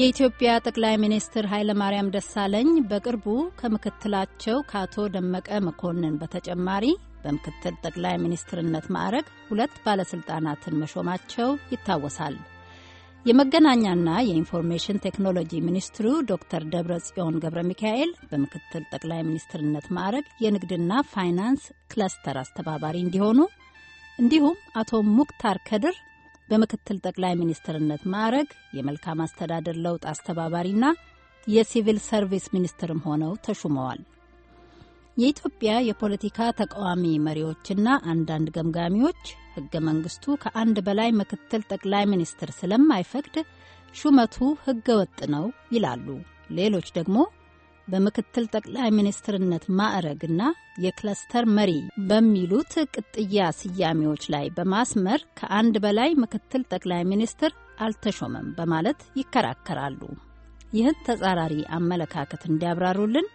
የኢትዮጵያ ጠቅላይ ሚኒስትር ኃይለማርያም ደሳለኝ በቅርቡ ከምክትላቸው ከአቶ ደመቀ መኮንን በተጨማሪ በምክትል ጠቅላይ ሚኒስትርነት ማዕረግ ሁለት ባለስልጣናትን መሾማቸው ይታወሳል። የመገናኛና የኢንፎርሜሽን ቴክኖሎጂ ሚኒስትሩ ዶክተር ደብረ ጽዮን ገብረ ሚካኤል በምክትል ጠቅላይ ሚኒስትርነት ማዕረግ የንግድና ፋይናንስ ክለስተር አስተባባሪ እንዲሆኑ እንዲሁም አቶ ሙክታር ከድር በምክትል ጠቅላይ ሚኒስትርነት ማዕረግ የመልካም አስተዳደር ለውጥ አስተባባሪና የሲቪል ሰርቪስ ሚኒስትርም ሆነው ተሹመዋል። የኢትዮጵያ የፖለቲካ ተቃዋሚ መሪዎችና አንዳንድ ገምጋሚዎች ሕገ መንግስቱ ከአንድ በላይ ምክትል ጠቅላይ ሚኒስትር ስለማይፈቅድ ሹመቱ ሕገ ወጥ ነው ይላሉ። ሌሎች ደግሞ በምክትል ጠቅላይ ሚኒስትርነት ማዕረግና የክለስተር መሪ በሚሉት ቅጥያ ስያሜዎች ላይ በማስመር ከአንድ በላይ ምክትል ጠቅላይ ሚኒስትር አልተሾመም በማለት ይከራከራሉ። ይህን ተጻራሪ አመለካከት እንዲያብራሩልን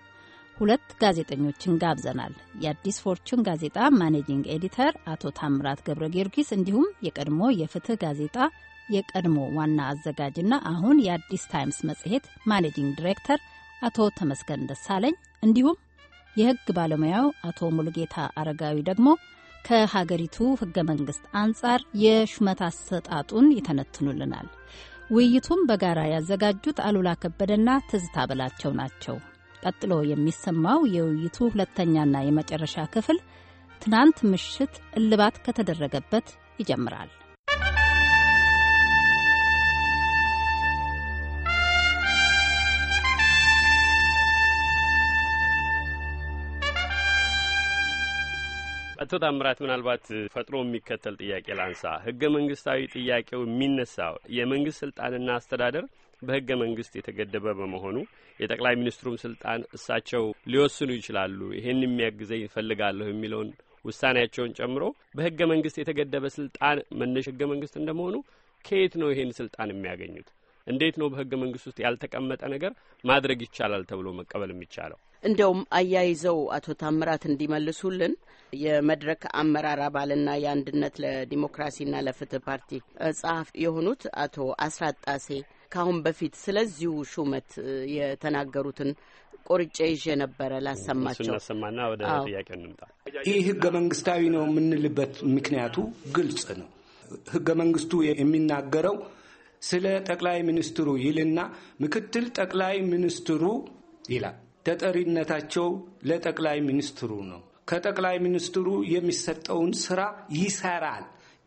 ሁለት ጋዜጠኞችን ጋብዘናል። የአዲስ ፎርቹን ጋዜጣ ማኔጂንግ ኤዲተር አቶ ታምራት ገብረ ጊዮርጊስ እንዲሁም የቀድሞ የፍትህ ጋዜጣ የቀድሞ ዋና አዘጋጅና አሁን የአዲስ ታይምስ መጽሔት ማኔጂንግ ዲሬክተር አቶ ተመስገን ደሳለኝ እንዲሁም የህግ ባለሙያው አቶ ሙሉጌታ አረጋዊ ደግሞ ከሀገሪቱ ህገ መንግስት አንጻር የሹመት አሰጣጡን ይተነትኑልናል። ውይይቱም በጋራ ያዘጋጁት አሉላ ከበደና ትዝታ በላቸው ናቸው። ቀጥሎ የሚሰማው የውይይቱ ሁለተኛና የመጨረሻ ክፍል ትናንት ምሽት እልባት ከተደረገበት ይጀምራል። አቶ ታምራት ምናልባት ፈጥሮ የሚከተል ጥያቄ ላንሳ። ህገ መንግስታዊ ጥያቄው የሚነሳው የመንግስት ስልጣንና አስተዳደር በህገ መንግስት የተገደበ በመሆኑ የጠቅላይ ሚኒስትሩም ስልጣን እሳቸው ሊወስኑ ይችላሉ። ይህን የሚያግዘኝ ይፈልጋለሁ የሚለውን ውሳኔያቸውን ጨምሮ በህገ መንግስት የተገደበ ስልጣን መነሽ ህገ መንግስት እንደመሆኑ ከየት ነው ይህን ስልጣን የሚያገኙት? እንዴት ነው በህገ መንግስት ውስጥ ያልተቀመጠ ነገር ማድረግ ይቻላል ተብሎ መቀበል የሚቻለው? እንደውም አያይዘው አቶ ታምራት እንዲመልሱልን የመድረክ አመራር አባልና የአንድነት ለዲሞክራሲና ለፍትህ ፓርቲ ጸሐፊ የሆኑት አቶ አስራት ጣሴ ከአሁን በፊት ስለዚሁ ሹመት የተናገሩትን ቆርጬ ይዤ ነበረ ላሰማቸውናሰማና ወደ ጥያቄ እንምጣ። ይህ ህገ መንግስታዊ ነው የምንልበት ምክንያቱ ግልጽ ነው። ህገ መንግስቱ የሚናገረው ስለ ጠቅላይ ሚኒስትሩ ይልና ምክትል ጠቅላይ ሚኒስትሩ ይላል ተጠሪነታቸው ለጠቅላይ ሚኒስትሩ ነው። ከጠቅላይ ሚኒስትሩ የሚሰጠውን ስራ ይሰራል።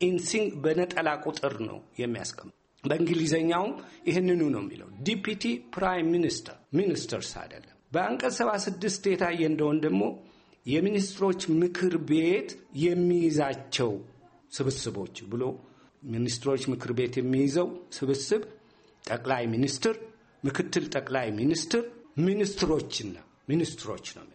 ኢንሲንግ በነጠላ ቁጥር ነው የሚያስቀም በእንግሊዝኛውም ይህንኑ ነው የሚለው። ዲፒቲ ፕራይም ሚኒስተር ሚኒስተርስ አይደለም። በአንቀጽ 76 የታየ እንደሆን ደግሞ የሚኒስትሮች ምክር ቤት የሚይዛቸው ስብስቦች ብሎ ሚኒስትሮች ምክር ቤት የሚይዘው ስብስብ ጠቅላይ ሚኒስትር፣ ምክትል ጠቅላይ ሚኒስትር ሚኒስትሮችና ሚኒስትሮች ነው።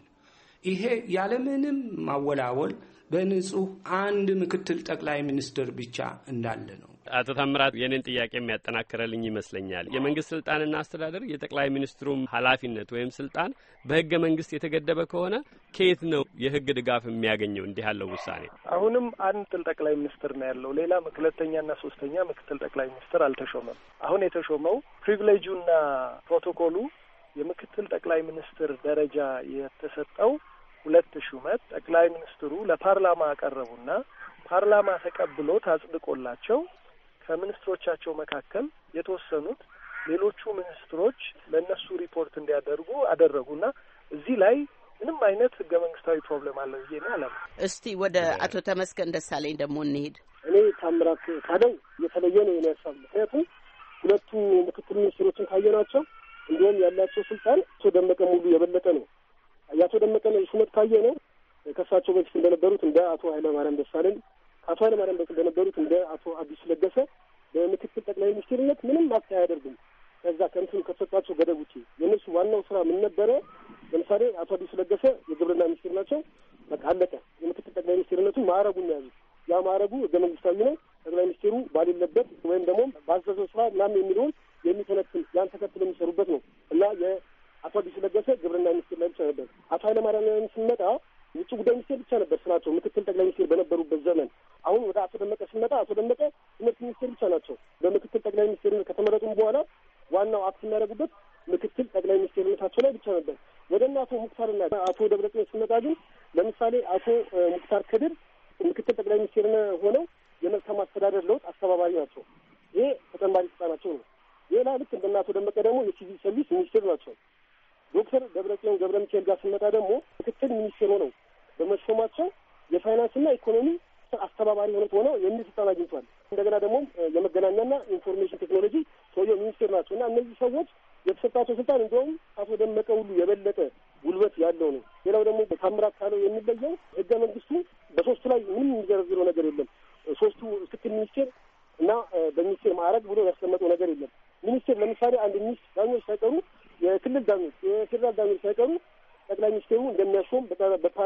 ይሄ ያለምንም ማወላወል በንጹህ አንድ ምክትል ጠቅላይ ሚኒስትር ብቻ እንዳለ ነው። አቶ ታምራት የኔን ጥያቄ የሚያጠናክረልኝ ይመስለኛል። የመንግስት ስልጣንና አስተዳደር የጠቅላይ ሚኒስትሩም ኃላፊነት ወይም ስልጣን በህገ መንግስት የተገደበ ከሆነ ከየት ነው የህግ ድጋፍ የሚያገኘው? እንዲህ ያለው ውሳኔ አሁንም አንድ ጠቅላይ ሚኒስትር ነው ያለው። ሌላ ሁለተኛና ሶስተኛ ምክትል ጠቅላይ ሚኒስትር አልተሾመም። አሁን የተሾመው ፕሪቪሌጁና ፕሮቶኮሉ የምክትል ጠቅላይ ሚኒስትር ደረጃ የተሰጠው ሁለት ሹመት ጠቅላይ ሚኒስትሩ ለፓርላማ አቀረቡና ፓርላማ ተቀብሎ ታጽድቆላቸው ከሚኒስትሮቻቸው መካከል የተወሰኑት ሌሎቹ ሚኒስትሮች ለእነሱ ሪፖርት እንዲያደርጉ አደረጉና እዚህ ላይ ምንም አይነት ህገ መንግስታዊ ፕሮብለም አለ ብዬ ነው አለም። እስቲ ወደ አቶ ተመስገን ደሳለኝ ደግሞ እንሄድ። እኔ ታምራት ካደው የተለየ ነው የኔ ሀሳብ። ምክንያቱም ሁለቱ ምክትል ሚኒስትሮችን ካየናቸው እንዲሁም ያላቸው ስልጣን አቶ ደመቀ ሙሉ የበለጠ ነው። የአቶ ደመቀን ሹመት ካየ ነው ከእሳቸው በፊት እንደነበሩት እንደ አቶ ኃይለማርያም ደሳለኝ ከአቶ ኃይለማርያም በፊት እንደነበሩት እንደ አቶ አዲስ ለገሰ በምክትል ጠቅላይ ሚኒስትርነት ምንም አክት አያደርግም። ከዛ ከእንትኑ ከተሰጣቸው ገደብ ውጪ የእነሱ ዋናው ስራ ምን ነበረ? ለምሳሌ አቶ አዲስ ለገሰ የግብርና ሚኒስትር ናቸው። በቃ አለቀ። የምክትል ጠቅላይ ሚኒስትርነቱ ማዕረጉን ያዙ። ያ ማዕረጉ ህገ መንግስታዊ ነው። ጠቅላይ ሚኒስትሩ ባሌለበት ወይም ደግሞ ባዘዘው ስራ ምናምን የሚለውን የሚተነትን ያን ተከትሎ የሚሰሩበት ነው እና የአቶ አዲሱ ለገሰ ግብርና ሚኒስቴር ላይ ብቻ ነበር። አቶ ኃይለማርያም ስንመጣ ውጭ ጉዳይ ሚኒስቴር ብቻ ነበር ስራቸው ምክትል ጠቅላይ ሚኒስቴር በነበሩበት ዘመን። አሁን ወደ አቶ ደመቀ ስንመጣ አቶ ደመቀ ትምህርት ሚኒስቴር ብቻ ናቸው።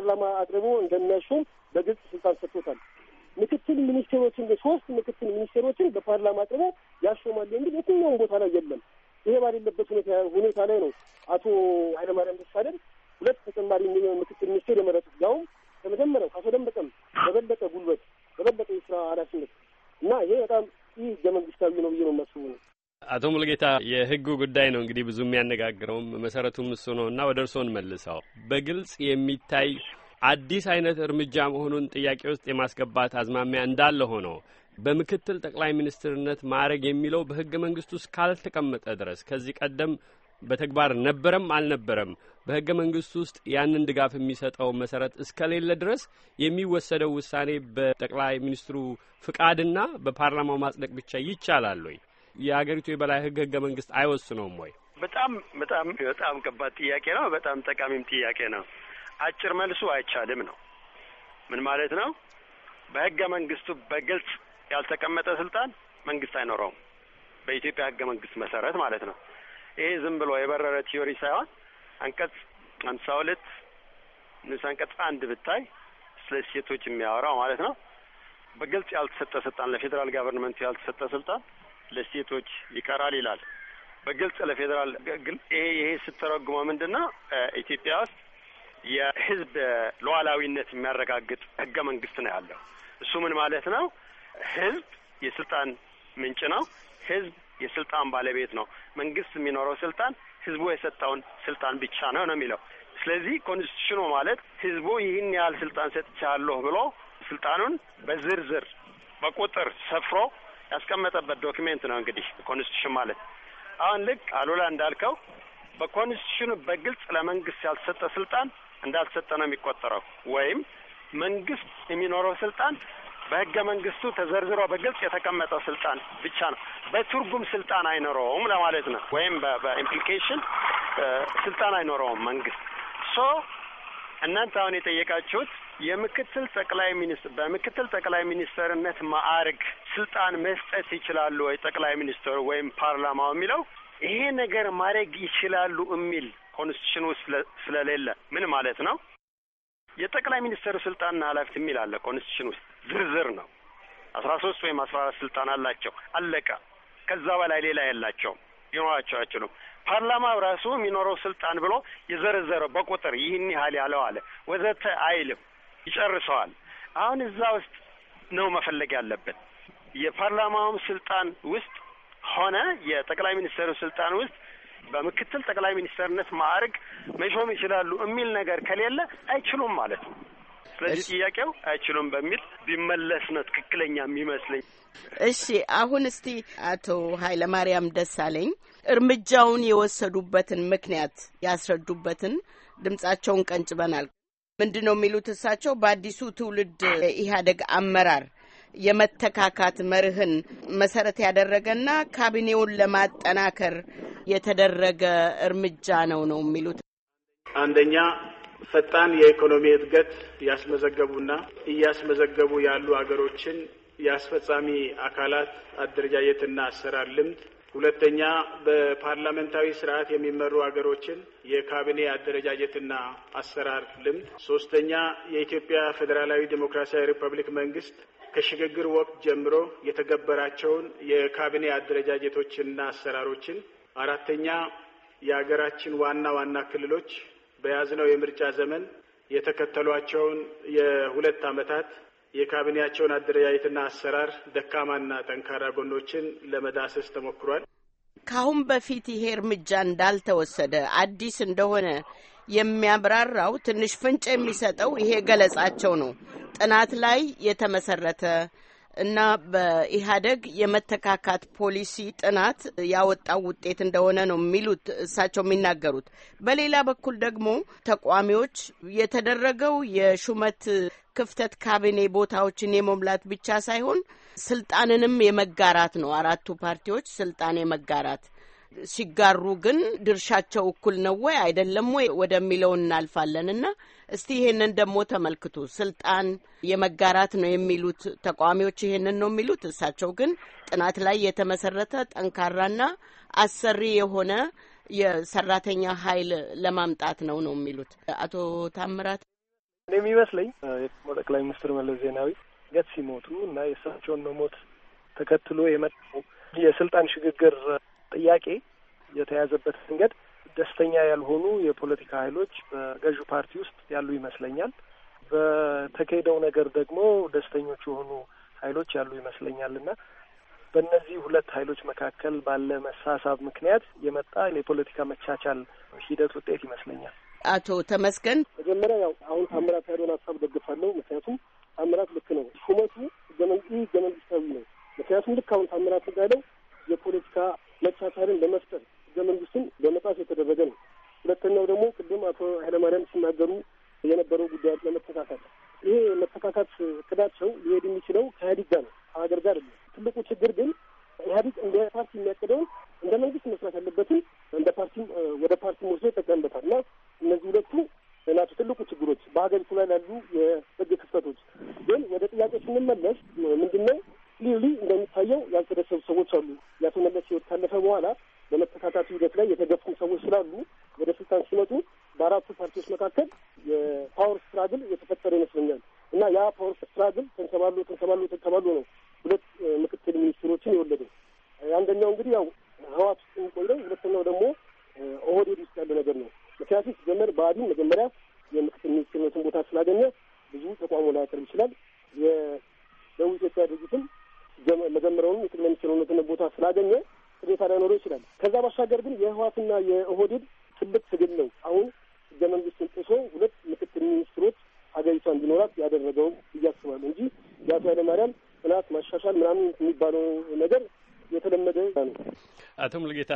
ፓርላማ አቅርቦ እንደሚያሹም በግልጽ ስልጣን ሰጥቶታል። ምክትል ሚኒስቴሮችን ሶስት ምክትል ሚኒስቴሮችን በፓርላማ አቅርቦ ያሾማል የሚል የትኛውም ቦታ ላይ የለም። ይሄ ባሌለበት ሁኔታ ላይ ነው አቶ ኃይለማርያም ደሳለኝ ሁለት ተጨማሪ ምክትል ሚኒስቴር የመረጡት ያውም ከመጀመሪያው ከአቶ ደመቀም በበለጠ ጉልበት፣ በበለጠ የስራ ኃላፊነት እና ይሄ በጣም ይህ ህገ መንግስታዊ ነው ብዬ ነው የማስቡ ነው። አቶ ሙልጌታ የህጉ ጉዳይ ነው እንግዲህ ብዙ የሚያነጋግረውም መሰረቱም እሱ ነው እና ወደ እርስዎ እንመልሰው። በግልጽ የሚታይ አዲስ አይነት እርምጃ መሆኑን ጥያቄ ውስጥ የማስገባት አዝማሚያ እንዳለ ሆኖ በምክትል ጠቅላይ ሚኒስትርነት ማዕረግ የሚለው በህገ መንግስት ውስጥ ካልተቀመጠ ድረስ ከዚህ ቀደም በተግባር ነበረም አልነበረም በህገ መንግስት ውስጥ ያንን ድጋፍ የሚሰጠው መሰረት እስከሌለ ድረስ የሚወሰደው ውሳኔ በጠቅላይ ሚኒስትሩ ፍቃድና በፓርላማው ማጽደቅ ብቻ ይቻላል ወይ? የአገሪቱ የበላይ ህግ ህገ መንግስት አይወስነውም ወይ? በጣም በጣም በጣም ከባድ ጥያቄ ነው። በጣም ጠቃሚም ጥያቄ ነው። አጭር መልሱ አይቻልም ነው። ምን ማለት ነው? በህገ መንግስቱ በግልጽ ያልተቀመጠ ስልጣን መንግስት አይኖረውም። በኢትዮጵያ ህገ መንግስት መሰረት ማለት ነው። ይሄ ዝም ብሎ የበረረ ቲዮሪ ሳይሆን አንቀጽ ሀምሳ ሁለት ንዑስ አንቀጽ አንድ ብታይ ስለ ሴቶች የሚያወራው ማለት ነው። በግልጽ ያልተሰጠ ስልጣን ለፌዴራል ጋቨርንመንቱ ያልተሰጠ ስልጣን ለሴቶች ይቀራል ይላል። በግልጽ ለፌዴራል ግልጽ ይሄ ይሄ ስተረጉመ ምንድን ነው ኢትዮጵያ ውስጥ የህዝብ ሉዓላዊነት የሚያረጋግጥ ህገ መንግስት ነው ያለው። እሱ ምን ማለት ነው? ህዝብ የስልጣን ምንጭ ነው። ህዝብ የስልጣን ባለቤት ነው። መንግስት የሚኖረው ስልጣን ህዝቡ የሰጠውን ስልጣን ብቻ ነው ነው የሚለው። ስለዚህ ኮንስቲቱሽኑ ማለት ህዝቡ ይህን ያህል ስልጣን ሰጥቻለሁ ብሎ ስልጣኑን በዝርዝር በቁጥር ሰፍሮ ያስቀመጠበት ዶክሜንት ነው። እንግዲህ ኮንስቲቱሽን ማለት አሁን ልክ አሉላ እንዳልከው በኮንስቲቱሽኑ በግልጽ ለመንግስት ያልተሰጠ ስልጣን እንዳልተሰጠ ነው የሚቆጠረው። ወይም መንግስት የሚኖረው ስልጣን በህገ መንግስቱ ተዘርዝሮ በግልጽ የተቀመጠ ስልጣን ብቻ ነው። በትርጉም ስልጣን አይኖረውም ለማለት ነው። ወይም በኢምፕሊኬሽን ስልጣን አይኖረውም መንግስት ሶ እናንተ አሁን የጠየቃችሁት የምክትል ጠቅላይ ሚኒስትር በምክትል ጠቅላይ ሚኒስተርነት ማዕርግ ስልጣን መስጠት ይችላሉ ወይ ጠቅላይ ሚኒስትሩ ወይም ፓርላማው የሚለው ይሄ ነገር ማድረግ ይችላሉ የሚል ኮንስቲቱሽን ውስጥ ስለሌለ ምን ማለት ነው? የጠቅላይ ሚኒስትሩ ስልጣንና ኃላፊት የሚል አለ ኮንስቲቱሽን ውስጥ ዝርዝር ነው። አስራ ሶስት ወይም አስራ አራት ስልጣን አላቸው። አለቀ። ከዛ በላይ ሌላ የላቸውም። ሊኖራቸው አይችሉም። ፓርላማው ራሱ የሚኖረው ስልጣን ብሎ የዘረዘረው በቁጥር ይህን ያህል ያለው አለ ወዘተ አይልም። ይጨርሰዋል። አሁን እዛ ውስጥ ነው መፈለግ ያለበት የፓርላማውም ስልጣን ውስጥ ሆነ የጠቅላይ ሚኒስትሩ ስልጣን ውስጥ በምክትል ጠቅላይ ሚኒስትርነት ማዕረግ መሾም ይችላሉ የሚል ነገር ከሌለ አይችሉም ማለት ነው። ስለዚህ ጥያቄው አይችሉም በሚል ቢመለስ ነው ትክክለኛ የሚመስለኝ። እሺ አሁን እስቲ አቶ ኃይለማርያም ደሳለኝ እርምጃውን የወሰዱበትን ምክንያት ያስረዱበትን ድምጻቸውን ቀንጭበናል። ምንድን ነው የሚሉት እሳቸው በአዲሱ ትውልድ ኢህአዴግ አመራር የመተካካት መርህን መሰረት ያደረገና ካቢኔውን ለማጠናከር የተደረገ እርምጃ ነው ነው የሚሉት አንደኛ ፈጣን የኢኮኖሚ እድገት ያስመዘገቡና እያስመዘገቡ ያሉ አገሮችን የአስፈጻሚ አካላት አደረጃጀትና አሰራር ልምድ ሁለተኛ በፓርላሜንታዊ ስርዓት የሚመሩ አገሮችን የካቢኔ አደረጃጀትና አሰራር ልምድ፣ ሶስተኛ የኢትዮጵያ ፌዴራላዊ ዴሞክራሲያዊ ሪፐብሊክ መንግስት ከሽግግር ወቅት ጀምሮ የተገበራቸውን የካቢኔ አደረጃጀቶችንና አሰራሮችን፣ አራተኛ የሀገራችን ዋና ዋና ክልሎች በያዝነው የምርጫ ዘመን የተከተሏቸውን የሁለት ዓመታት የካቢኔያቸውን አደረጃጀትና አሰራር ደካማና ጠንካራ ጎኖችን ለመዳሰስ ተሞክሯል። ከአሁን በፊት ይሄ እርምጃ እንዳልተወሰደ አዲስ እንደሆነ የሚያብራራው ትንሽ ፍንጭ የሚሰጠው ይሄ ገለጻቸው ነው። ጥናት ላይ የተመሰረተ እና በኢህአደግ የመተካካት ፖሊሲ ጥናት ያወጣው ውጤት እንደሆነ ነው የሚሉት እሳቸው የሚናገሩት። በሌላ በኩል ደግሞ ተቋሚዎች የተደረገው የሹመት ክፍተት ካቢኔ ቦታዎችን የመሙላት ብቻ ሳይሆን ስልጣንንም የመጋራት ነው። አራቱ ፓርቲዎች ስልጣን የመጋራት ሲጋሩ ግን ድርሻቸው እኩል ነው ወይ አይደለም ወይ ወደሚለው እናልፋለን እና እስቲ ይሄንን ደግሞ ተመልክቱ። ስልጣን የመጋራት ነው የሚሉት ተቃዋሚዎች ይሄንን ነው የሚሉት። እሳቸው ግን ጥናት ላይ የተመሰረተ ጠንካራና አሰሪ የሆነ የሰራተኛ ኃይል ለማምጣት ነው ነው የሚሉት አቶ ታምራት። እንደሚመስለኝ ጠቅላይ ሚኒስትር መለስ ዜናዊ ገት ሲሞቱ እና የእሳቸውን መሞት ተከትሎ የመጣው የስልጣን ሽግግር ጥያቄ የተያዘበት መንገድ ደስተኛ ያልሆኑ የፖለቲካ ኃይሎች በገዢው ፓርቲ ውስጥ ያሉ ይመስለኛል። በተካሄደው ነገር ደግሞ ደስተኞች የሆኑ ኃይሎች ያሉ ይመስለኛል እና በእነዚህ ሁለት ኃይሎች መካከል ባለ መሳሳብ ምክንያት የመጣ የፖለቲካ መቻቻል ሂደት ውጤት ይመስለኛል። አቶ ተመስገን መጀመሪያ ያው አሁን ታምራት ያለውን ሀሳብ ደግፋለሁ። ምክንያቱም ታምራት ልክ ነው። ሹመቱ ህገ መንግስታዊ ነው። ምክንያቱም ልክ አሁን ታምራት እንዳለው የፖለቲካ አሰርን ለመፍጠር አንደኛው እንግዲህ ያው ህዋት ውስጥ የሚቆይ ሁለተኛው ደግሞ ኦህዴድ ውስጥ ያለ ነገር ነው። ምክንያቱም ሲጀመር ብአዴን መጀመሪያ የምክትል ሚኒስትርነትን ቦታ ስላገኘ ብዙ ተቋሙ ላይ ያቀርብ ይችላል። የደቡብ ኢትዮጵያ ድርጅትም መጀመሪያውን የጠቅላይ ሚኒስትርነትን ቦታ ስላገኘ ቅሬታ ላይኖረው ይችላል። ከዛ ባሻገር ግን የህዋትና የኦህዴድ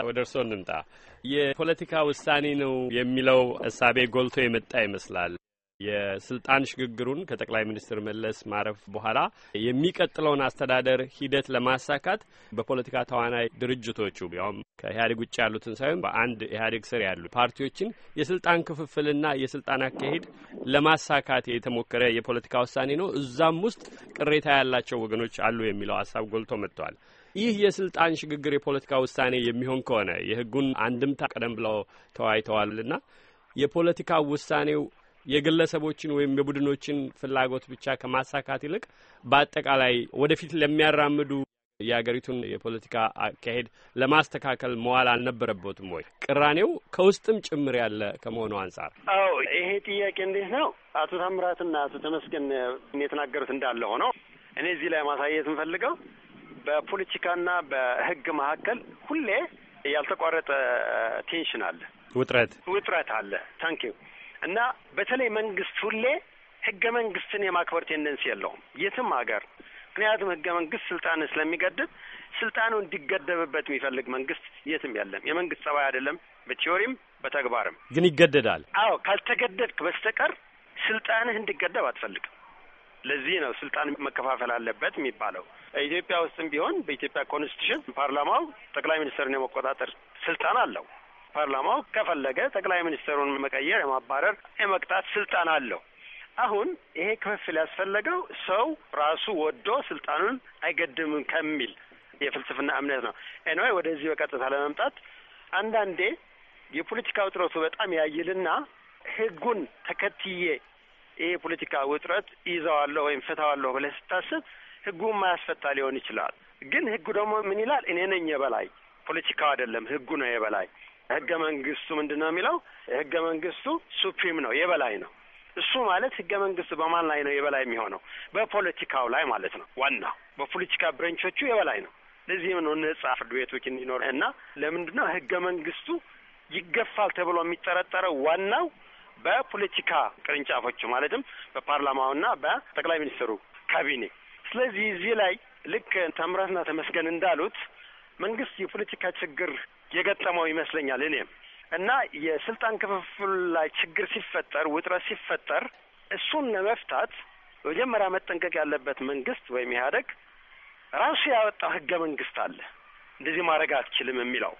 ወደ እርስዎ እንምጣ። የፖለቲካ ውሳኔ ነው የሚለው እሳቤ ጎልቶ የመጣ ይመስላል። የስልጣን ሽግግሩን ከጠቅላይ ሚኒስትር መለስ ማረፍ በኋላ የሚቀጥለውን አስተዳደር ሂደት ለማሳካት በፖለቲካ ተዋናይ ድርጅቶቹ ያውም ከኢህአዴግ ውጭ ያሉትን ሳይሆን በአንድ ኢህአዴግ ስር ያሉ ፓርቲዎችን የስልጣን ክፍፍልና የስልጣን አካሄድ ለማሳካት የተሞከረ የፖለቲካ ውሳኔ ነው። እዛም ውስጥ ቅሬታ ያላቸው ወገኖች አሉ የሚለው ሀሳብ ጎልቶ መጥቷል። ይህ የስልጣን ሽግግር የፖለቲካ ውሳኔ የሚሆን ከሆነ የህጉን አንድምታ ቀደም ብለው ተወያይተዋልና የፖለቲካ ውሳኔው የግለሰቦችን ወይም የቡድኖችን ፍላጎት ብቻ ከማሳካት ይልቅ በአጠቃላይ ወደፊት ለሚያራምዱ የአገሪቱን የፖለቲካ አካሄድ ለማስተካከል መዋል አልነበረበትም ወይ? ቅራኔው ከውስጥም ጭምር ያለ ከመሆኑ አንጻር። አዎ ይሄ ጥያቄ እንዴት ነው? አቶ ታምራትና አቶ ተመስገን የተናገሩት እንዳለ ሆነው እኔ እዚህ ላይ ማሳየት የምፈልገው በፖለቲካና በህግ መካከል ሁሌ ያልተቋረጠ ቴንሽን አለ፣ ውጥረት ውጥረት አለ። ታንኪዩ እና በተለይ መንግስት ሁሌ ህገ መንግስትን የማክበር ቴንደንስ የለውም የትም ሀገር። ምክንያቱም ህገ መንግስት ስልጣንን ስለሚገድብ ስልጣኑ እንዲገደብበት የሚፈልግ መንግስት የትም የለም። የመንግስት ጸባይ አይደለም፣ በቲዮሪም በተግባርም ግን ይገደዳል። አዎ ካልተገደድክ በስተቀር ስልጣንህ እንዲገደብ አትፈልግም። ለዚህ ነው ስልጣን መከፋፈል አለበት የሚባለው። ኢትዮጵያ ውስጥም ቢሆን በኢትዮጵያ ኮንስቲቱሽን ፓርላማው ጠቅላይ ሚኒስትርን የመቆጣጠር ስልጣን አለው። ፓርላማው ከፈለገ ጠቅላይ ሚኒስትሩን መቀየር፣ የማባረር፣ የመቅጣት ስልጣን አለው። አሁን ይሄ ክፍፍል ያስፈለገው ሰው ራሱ ወዶ ስልጣኑን አይገድምም ከሚል የፍልስፍና እምነት ነው። ኤንዋይ ወደዚህ በቀጥታ ለመምጣት አንዳንዴ የፖለቲካ ውጥረቱ በጣም ያይልና ህጉን ተከትዬ ይሄ የፖለቲካ ውጥረት ይዘዋለሁ ወይም ፈታዋለሁ ብለህ ስታስብ ህጉ ማያስፈታ ሊሆን ይችላል። ግን ህጉ ደግሞ ምን ይላል? እኔ ነኝ የበላይ፣ ፖለቲካው አይደለም፣ ህጉ ነው የበላይ። ህገ መንግስቱ ምንድን ነው የሚለው? ህገ መንግስቱ ሱፕሪም ነው፣ የበላይ ነው። እሱ ማለት ህገ መንግስቱ በማን ላይ ነው የበላይ የሚሆነው? በፖለቲካው ላይ ማለት ነው። ዋናው በፖለቲካ ብረንቾቹ የበላይ ነው። ለዚህም ነው ነጻ ፍርድ ቤቶች እንዲኖር እና ለምንድን ነው ህገ መንግስቱ ይገፋል ተብሎ የሚጠረጠረው ዋናው በፖለቲካ ቅርንጫፎች ማለትም በፓርላማውና በጠቅላይ ሚኒስትሩ ካቢኔ። ስለዚህ እዚህ ላይ ልክ ተምረትና ተመስገን እንዳሉት መንግስት የፖለቲካ ችግር የገጠመው ይመስለኛል እኔም እና የስልጣን ክፍፍል ላይ ችግር ሲፈጠር፣ ውጥረት ሲፈጠር እሱን ለመፍታት መጀመሪያ መጠንቀቅ ያለበት መንግስት ወይም ኢህአደግ ራሱ ያወጣው ህገ መንግስት አለ እንደዚህ ማድረግ አትችልም የሚለው።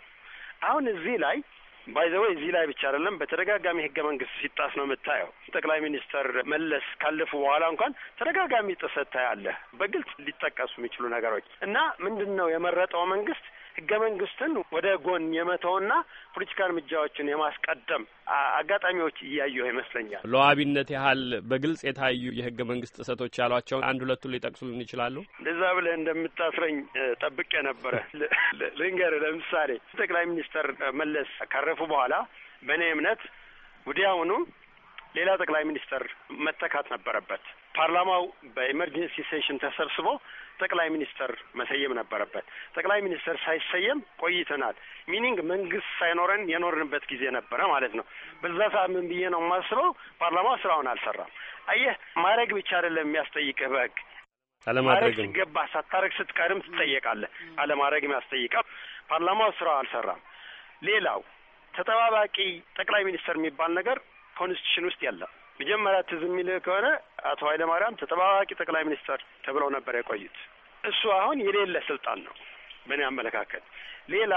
አሁን እዚህ ላይ ባይዘወይ እዚህ ላይ ብቻ አይደለም፣ በተደጋጋሚ ህገ መንግስት ሲጣስ ነው የምታየው። ጠቅላይ ሚኒስተር መለስ ካለፉ በኋላ እንኳን ተደጋጋሚ ጥሰት ታያለህ። በግልጽ ሊጠቀሱ የሚችሉ ነገሮች እና ምንድን ነው የመረጠው መንግስት ህገ መንግስትን ወደ ጎን የመተውና ፖለቲካ እርምጃዎችን የማስቀደም አጋጣሚዎች እያየሁ ይመስለኛል። ለዋቢነት ያህል በግልጽ የታዩ የህገ መንግስት ጥሰቶች ያሏቸው አንድ ሁለቱን ሊጠቅሱልን ይችላሉ? እንደዛ ብለህ እንደምታስረኝ ጠብቄ ነበረ። ልንገር፣ ለምሳሌ ጠቅላይ ሚኒስተር መለስ ካረፉ በኋላ በእኔ እምነት ወዲያውኑ ሌላ ጠቅላይ ሚኒስተር መተካት ነበረበት። ፓርላማው በኤመርጀንሲ ሴሽን ተሰብስቦ ጠቅላይ ሚኒስተር መሰየም ነበረበት። ጠቅላይ ሚኒስተር ሳይሰየም ቆይተናል። ሚኒንግ መንግስት ሳይኖረን የኖርንበት ጊዜ ነበረ ማለት ነው። በዛ ሰዓት ምን ብዬ ነው የማስበው? ፓርላማው ስራውን አልሰራም። አየህ ማድረግ ብቻ አይደለም የሚያስጠይቅህ በህግ አለማድረግ ሲገባ ሳታረግ ስትቀርም ትጠየቃለህ። አለማድረግ የሚያስጠይቀው ፓርላማው ስራው አልሰራም። ሌላው ተጠባባቂ ጠቅላይ ሚኒስተር የሚባል ነገር ኮንስቲቱሽን ውስጥ የለም። መጀመሪያ ትዝ የሚልህ ከሆነ አቶ ኃይለማርያም ተጠባባቂ ጠቅላይ ሚኒስትር ተብለው ነበር የቆዩት። እሱ አሁን የሌለ ስልጣን ነው በእኔ አመለካከት። ሌላ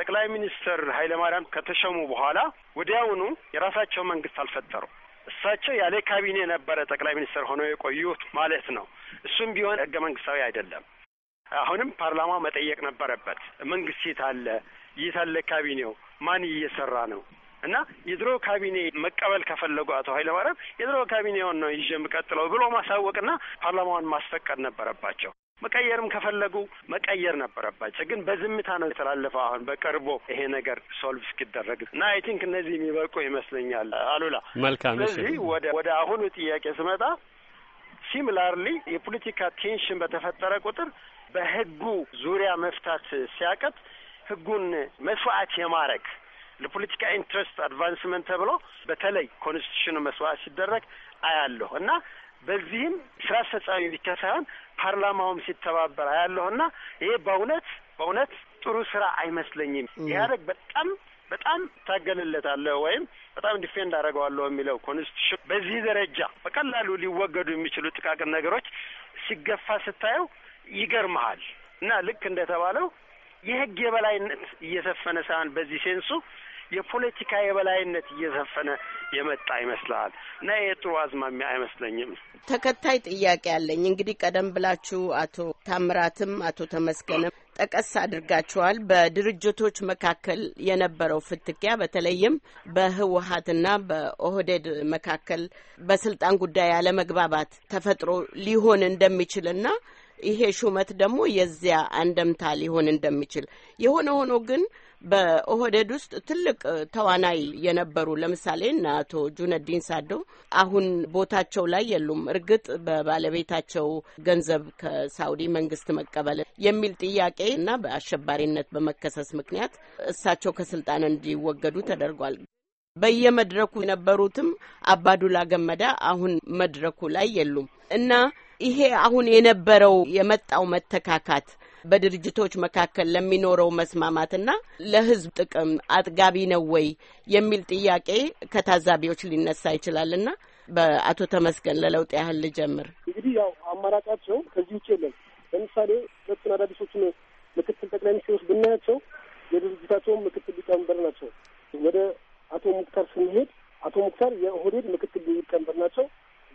ጠቅላይ ሚኒስትር ኃይለማርያም ከተሸሙ በኋላ ወዲያውኑ የራሳቸው መንግስት አልፈጠሩ። እሳቸው ያለ ካቢኔ ነበረ ጠቅላይ ሚኒስትር ሆነው የቆዩት ማለት ነው። እሱም ቢሆን ህገ መንግስታዊ አይደለም። አሁንም ፓርላማ መጠየቅ ነበረበት። መንግስት የት አለ? የት አለ ካቢኔው? ማን እየሰራ ነው? እና የድሮ ካቢኔ መቀበል ከፈለጉ አቶ ኃይለማርያም የድሮ ካቢኔውን ነው ይዤ የምቀጥለው ብሎ ማሳወቅና ፓርላማውን ማስፈቀድ ነበረባቸው። መቀየርም ከፈለጉ መቀየር ነበረባቸው። ግን በዝምታ ነው የተላለፈው። አሁን በቅርቡ ይሄ ነገር ሶልቭ እስኪደረግ እና አይ ቲንክ እነዚህ የሚበቁ ይመስለኛል። አሉላ መልካም። ስለዚህ ወደ ወደ አሁኑ ጥያቄ ስመጣ ሲሚላርሊ የፖለቲካ ቴንሽን በተፈጠረ ቁጥር በህጉ ዙሪያ መፍታት ሲያቀት ህጉን መስዋዕት የማረግ ለፖለቲካ ኢንትረስት አድቫንስመንት ተብሎ በተለይ ኮንስቲቱሽኑ መስዋዕት ሲደረግ አያለሁ እና በዚህም ስራ አስፈጻሚ ብቻ ሳይሆን ፓርላማውም ሲተባበር አያለሁ እና ይሄ በእውነት በእውነት ጥሩ ስራ አይመስለኝም። ኢህአዴግ በጣም በጣም ታገልለታለሁ ወይም በጣም ዲፌንድ አረገዋለሁ የሚለው ኮንስቲቱሽን በዚህ ደረጃ በቀላሉ ሊወገዱ የሚችሉ ጥቃቅን ነገሮች ሲገፋ ስታየው ይገርመሃል እና ልክ እንደተባለው የህግ የበላይነት እየሰፈነ ሳይሆን በዚህ ሴንሱ የፖለቲካ የበላይነት እየዘፈነ የመጣ ይመስላል እና የጥሩ አዝማሚያ አይመስለኝም። ተከታይ ጥያቄ አለኝ። እንግዲህ ቀደም ብላችሁ አቶ ታምራትም አቶ ተመስገንም ጠቀስ አድርጋችኋል። በድርጅቶች መካከል የነበረው ፍትኪያ በተለይም በህወሀትና በኦህዴድ መካከል በስልጣን ጉዳይ አለመግባባት ተፈጥሮ ሊሆን እንደሚችልና ይሄ ሹመት ደግሞ የዚያ አንደምታ ሊሆን እንደሚችል የሆነ ሆኖ ግን በኦህዴድ ውስጥ ትልቅ ተዋናይ የነበሩ ለምሳሌ እነ አቶ ጁነዲን ሳዶ አሁን ቦታቸው ላይ የሉም። እርግጥ በባለቤታቸው ገንዘብ ከሳውዲ መንግስት መቀበል የሚል ጥያቄ እና በአሸባሪነት በመከሰስ ምክንያት እሳቸው ከስልጣን እንዲወገዱ ተደርጓል። በየመድረኩ የነበሩትም አባዱላ ገመዳ አሁን መድረኩ ላይ የሉም እና ይሄ አሁን የነበረው የመጣው መተካካት በድርጅቶች መካከል ለሚኖረው መስማማትና ለህዝብ ጥቅም አጥጋቢ ነው ወይ የሚል ጥያቄ ከታዛቢዎች ሊነሳ ይችላልና በአቶ ተመስገን ለለውጥ ያህል ልጀምር። እንግዲህ ያው አማራጫቸው ከዚህ ውጭ የለም። ለምሳሌ ሁለቱን አዳዲሶቹን ምክትል ጠቅላይ ሚኒስትሮች ብናያቸው የድርጅታቸውን ምክትል ሊቀመንበር ናቸው። ወደ አቶ ሙክታር ስንሄድ አቶ ሙክታር የኦህዴድ ምክትል ሊቀመንበር ናቸው።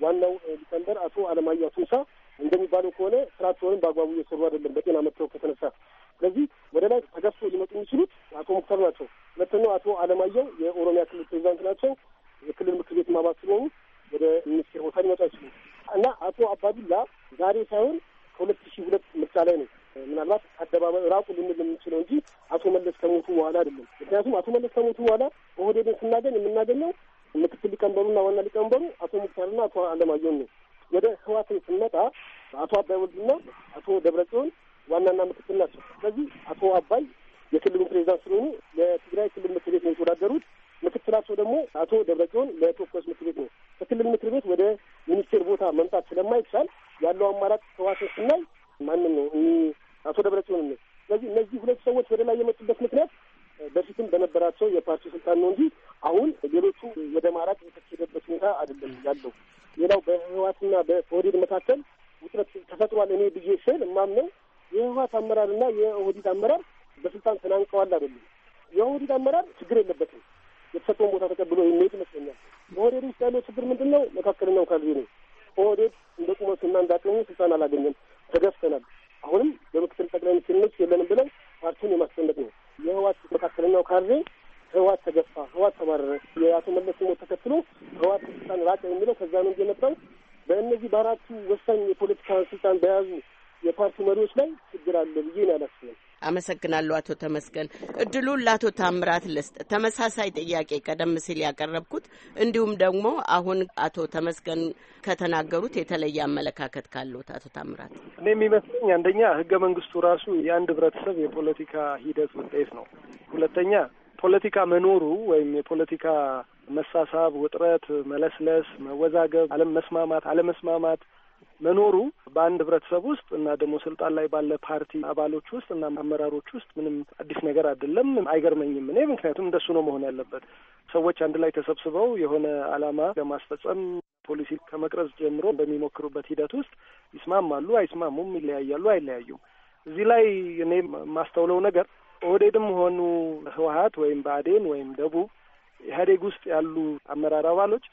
ዋናው ሊቀመንበር አቶ አለማየሁ አቶምሳ እንደሚባለው ከሆነ ስራቸውንም በአግባቡ እየሰሩ አይደለም፣ በጤና መጥተው ከተነሳ ስለዚህ ወደ ላይ ተገፍቶ ሊመጡ የሚችሉት አቶ ሙክተር ናቸው። ሁለተኛው አቶ አለማየሁ የኦሮሚያ ክልል ፕሬዚዳንት ናቸው። የክልል ምክር ቤት ማባት ስለሆኑ ወደ ሚኒስቴር ቦታ ሊመጡ አይችሉም እና አቶ አባዱላ ዛሬ ሳይሆን ከሁለት ሺህ ሁለት ምርጫ ላይ ነው ምናልባት አደባባይ ራቁ ልንል የምንችለው እንጂ አቶ መለስ ከሞቱ በኋላ አይደለም። ምክንያቱም አቶ መለስ ከሞቱ በኋላ ኦህዴድን ስናገኝ የምናገኘው ምክትል ሊቀመንበሩና ዋና ሊቀመንበሩ አቶ ሙክታርና አቶ አለማየሁን ነው። ወደ ህዋት ስንመጣ አቶ አባይ ወልድና አቶ ደብረጽዮን ዋናና ምክትል ናቸው። ስለዚህ አቶ አባይ የክልሉ ፕሬዚዳንት ስለሆኑ ለትግራይ ክልል ምክር ቤት ነው የተወዳደሩት። ምክትላቸው ደግሞ አቶ ደብረጽዮን ለተወካዮች ምክር ቤት ነው። ከክልል ምክር ቤት ወደ ሚኒስቴር ቦታ መምጣት ስለማይቻል ያለው አማራጭ ህዋትን ስናይ ማንም ነው አቶ ደብረጽዮን ነው። ስለዚህ እነዚህ ሁለት ሰዎች ወደ ላይ የመጡበት ምክንያት በፊትም በነበራቸው የፓርቲ ስልጣን ነው እንጂ አሁን ሌሎቹ ወደ ማራቅ የተሄደበት ሁኔታ አይደለም ያለው። ሌላው በህወሓትና በኦህዴድ መካከል ውጥረት ተፈጥሯል። እኔ ብዬ ስል የማምነው የህወሓት አመራርና የኦህዴድ አመራር በስልጣን ተናንቀዋል አይደለም። የኦህዴድ አመራር ችግር የለበትም የተሰጠውን ቦታ ተቀብሎ የሚሄድ ይመስለኛል። በኦህዴድ ውስጥ ያለው ችግር ምንድን ነው? መካከለኛው ካድሬ ነው። ኦህዴድ እንደ ቁመቱና እንደ አቅሙ ስልጣን አላገኘም፣ ተገፍተናል። አሁንም በምክትል ጠቅላይ ሚኒስትርነት የለንም ብለን ፓርቲውን የማስጨነቅ ነው። የህዋት መካከለኛው ካድሬ ህዋት ተገፋ፣ ህዋት ተባረረ፣ የአቶ መለስ ሞት ተከትሎ ህዋት ስልጣን ራቀ የሚለው ከዛ ነው እንጂ በእነዚህ በአራቱ ወሳኝ የፖለቲካ ስልጣን በያዙ የፓርቲ መሪዎች ላይ ችግር አለ ብዬ ነው ያላስብም። አመሰግናለሁ አቶ ተመስገን። እድሉን ለአቶ ታምራት ልስጥ። ተመሳሳይ ጥያቄ ቀደም ሲል ያቀረብኩት እንዲሁም ደግሞ አሁን አቶ ተመስገን ከተናገሩት የተለየ አመለካከት ካለት አቶ ታምራት። እኔ የሚመስለኝ አንደኛ ህገ መንግስቱ ራሱ የአንድ ህብረተሰብ የፖለቲካ ሂደት ውጤት ነው። ሁለተኛ ፖለቲካ መኖሩ ወይም የፖለቲካ መሳሳብ፣ ውጥረት፣ መለስለስ፣ መወዛገብ፣ አለም መስማማት፣ አለመስማማት መኖሩ በአንድ ህብረተሰብ ውስጥ እና ደግሞ ስልጣን ላይ ባለ ፓርቲ አባሎች ውስጥ እና አመራሮች ውስጥ ምንም አዲስ ነገር አይደለም። አይገርመኝም እኔ ምክንያቱም እንደሱ ነው መሆን ያለበት። ሰዎች አንድ ላይ ተሰብስበው የሆነ አላማ ለማስፈጸም ፖሊሲ ከመቅረጽ ጀምሮ በሚሞክሩበት ሂደት ውስጥ ይስማማሉ፣ አይስማሙም፣ ይለያያሉ፣ አይለያዩም። እዚህ ላይ እኔ የማስተውለው ነገር ኦህዴድም ሆኑ ህወሀት ወይም ብአዴን ወይም ደቡብ ኢህአዴግ ውስጥ ያሉ አመራር አባሎች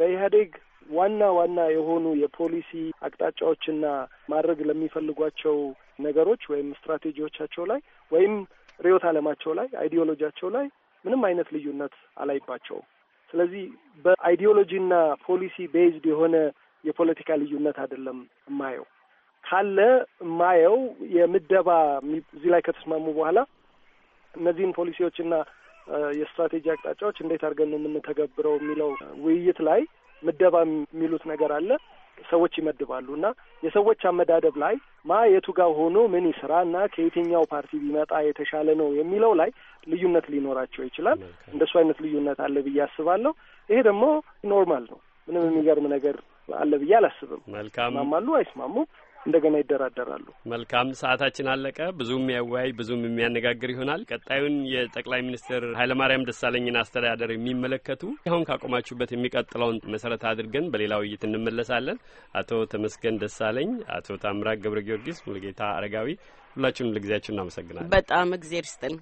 በኢህአዴግ ዋና ዋና የሆኑ የፖሊሲ አቅጣጫዎችና ማድረግ ለሚፈልጓቸው ነገሮች ወይም ስትራቴጂዎቻቸው ላይ ወይም ርዕዮተ ዓለማቸው ላይ አይዲዮሎጂያቸው ላይ ምንም አይነት ልዩነት አላይባቸውም። ስለዚህ በአይዲዮሎጂና ፖሊሲ ቤዝድ የሆነ የፖለቲካ ልዩነት አይደለም የማየው። ካለ የማየው የምደባ እዚህ ላይ ከተስማሙ በኋላ እነዚህን ፖሊሲዎችና የስትራቴጂ አቅጣጫዎች እንዴት አድርገን የምንተገብረው የሚለው ውይይት ላይ ምደባ የሚሉት ነገር አለ። ሰዎች ይመድባሉ እና የሰዎች አመዳደብ ላይ ማ የቱ ጋር ሆኖ ምን ይስራ እና ከየትኛው ፓርቲ ቢመጣ የተሻለ ነው የሚለው ላይ ልዩነት ሊኖራቸው ይችላል። እንደሱ አይነት ልዩነት አለ ብዬ አስባለሁ። ይሄ ደግሞ ኖርማል ነው። ምንም የሚገርም ነገር አለ ብዬ አላስብም። መልካም ይስማማሉ አይስማሙም፣ እንደገና ይደራደራሉ። መልካም ሰዓታችን አለቀ። ብዙም የሚያወያይ ብዙም የሚያነጋግር ይሆናል። ቀጣዩን የጠቅላይ ሚኒስትር ኃይለማርያም ደሳለኝን አስተዳደር የሚመለከቱ አሁን ካቆማችሁበት የሚቀጥለውን መሰረት አድርገን በሌላ ውይይት እንመለሳለን። አቶ ተመስገን ደሳለኝ፣ አቶ ታምራት ገብረ ጊዮርጊስ፣ ሙሉጌታ አረጋዊ ሁላችሁንም ለጊዜያችሁ እናመሰግናለን። በጣም እግዜር